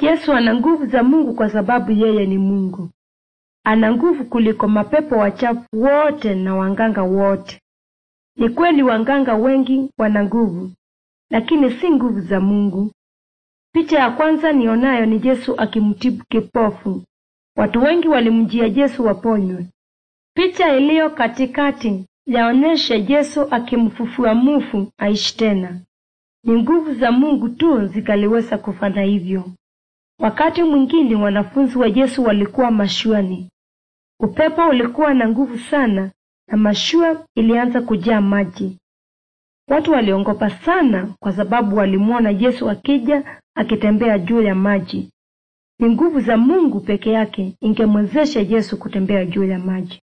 Yesu ana nguvu za Mungu kwa sababu yeye ni Mungu. Ana nguvu kuliko mapepo wachafu wote na wanganga wote. Ni kweli wanganga wengi wana nguvu, lakini si nguvu za Mungu. Picha ya kwanza nionayo ni Yesu akimtibu kipofu. Watu wengi walimjia Yesu waponywe. Picha iliyo katikati yaonyesha Yesu akimfufua mufu aishi tena. Ni nguvu za Mungu tu zikaliweza kufanya hivyo. Wakati mwingine wanafunzi wa Yesu walikuwa mashuani. Upepo ulikuwa na nguvu sana na mashua ilianza kujaa maji. Watu waliongopa sana kwa sababu walimwona Yesu akija akitembea juu ya maji. Ni nguvu za Mungu peke yake ingemwezesha Yesu kutembea juu ya maji.